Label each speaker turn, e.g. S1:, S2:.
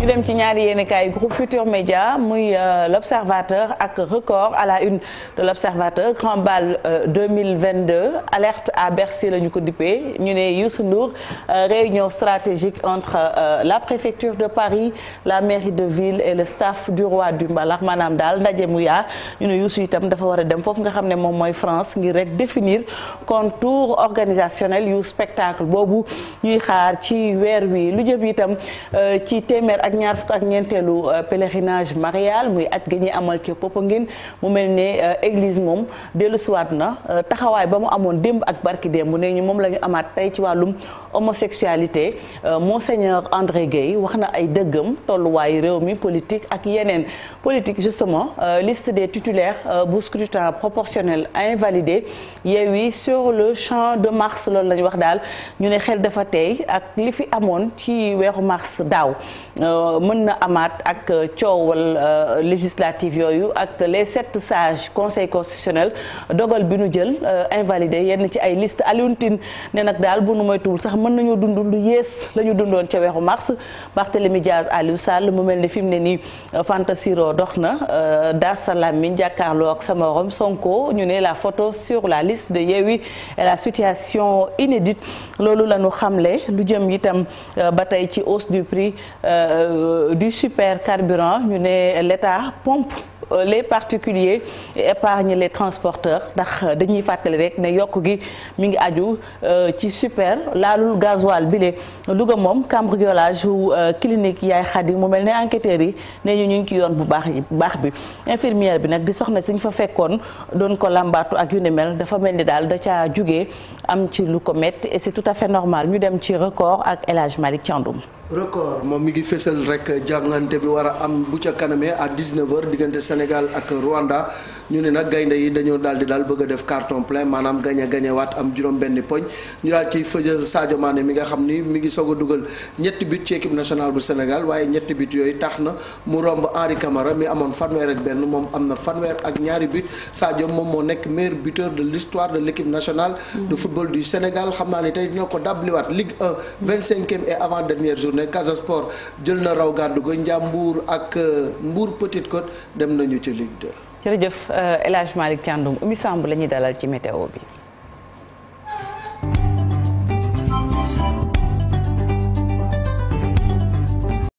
S1: ñu dem ci ñaari yéenekaay groupe Futur Média muy euh, l'observateur ak record à la une de l'observateur grand bal 2022 euh, alerte à Bercy la ñu ko dippee ñu ne Youssou Ndour euh, réunion stratégique entre la préfecture de Paris la mairie de ville et le staff du roi du Mbalax maanaam daal ndaje mu yaa ñu ne Youssou itam dafa war a dem foofu nga xam ne moom mooy France ngir rek définir contour organisationnel yu spectacle boobu ñuy xaar ci weer wi lu jëm itam ci ci téeméer ak ñaar fukk ak ñeenteelu euh, pèlerinage marial muy at gi amal ci Popenguine mu mel ne euh, église moom dellusiwaat na euh, taxawaay ba mu amoon démb ak barki démb ne ñu moom la ñu amaat tey ci wàllum homosexualité monseigneur André Guèye wax na ay dëggam tolluwaayu réew mi politique ak yeneen politique justement liste des titulaires bu scrutin proportionnel invalidé Yewwi sur le champ de mars loolu la ñu wax daal ñu ne xel dafa tey ak li fi amoon ci weeru mars daaw Euh, mën na amaat ak euh, coowal euh, législative yooyu ak les sept sages conseil constitutionnel dogal bi nu jël invalidé yenn ci ay liste Alioune Tine ne nag daal bu nu moytuwul sax mën nañoo dund lu yées la ñu dundoon ca weeru mars Barthélémy Diaz Aliou Sall mu mel ne fi mu ne nii fantasiro dox na daas salaam mi jàkkaarloo ak sama morom Sonko ñu ne la photo sur la liste de Yewwi et la situation inédite loolu lañu xamle lu jëm itam ba tey ci hausse du prix Euh, du super carburant ñu ne leta pompe euh, les particuliers épargne les transporteurs ndax dañuy fàttali rek ne yokk gi mu ngi aju euh, ci super laalul gasoil bi le Louga moom cambriolage wu clinique yaay xadi mu mel ne enquêteurs yi ne ñu ñu ngi ci yoon bu baax yi baax bi infirmière bi nag di soxna si fa fekkoon doon ko làmbaatu ak yu ne mel dafa mel ni daal da caa jóge am ci lu ko metti et c'est tout à fait normal ñu dem ci record ak El Hadj Malick
S2: record moom mi ngi fésal rek jàngante bi war a am bu ca kanamee à 19h diggante Sénégal ak Rwanda ñu ne nag gaynde yi dañoo daal di daal bëgg def carton plein maanaam gañe gañe waat am juróom-benni poñ ñu daal ci fëjal Sadio Mané mi nga xam ni mi ngi soog a dugal ñetti but ci équipe nationale bu Sénégal waaye ñetti but yooyu tax na mu romb Henri Camara mi amoon fanweer ak benn moom am na fanweer ak ñaari but Sadio moom moo nekk meilleur buteur de l'histoire de l'équipe nationale de football du Sénégal xam naa ne tey ñoo ko dabliwaat Ligue 1 25e et avant dernière tournée Casa Sport jël na raw gàddu ko Njàmbuur ak euh, Mbour Petite Côte dem nañu ci Ligue 2.
S1: jërëjëf euh, El Hadj Malick Thiandoum Oumy Samb la ñuy dalal ci météo bi.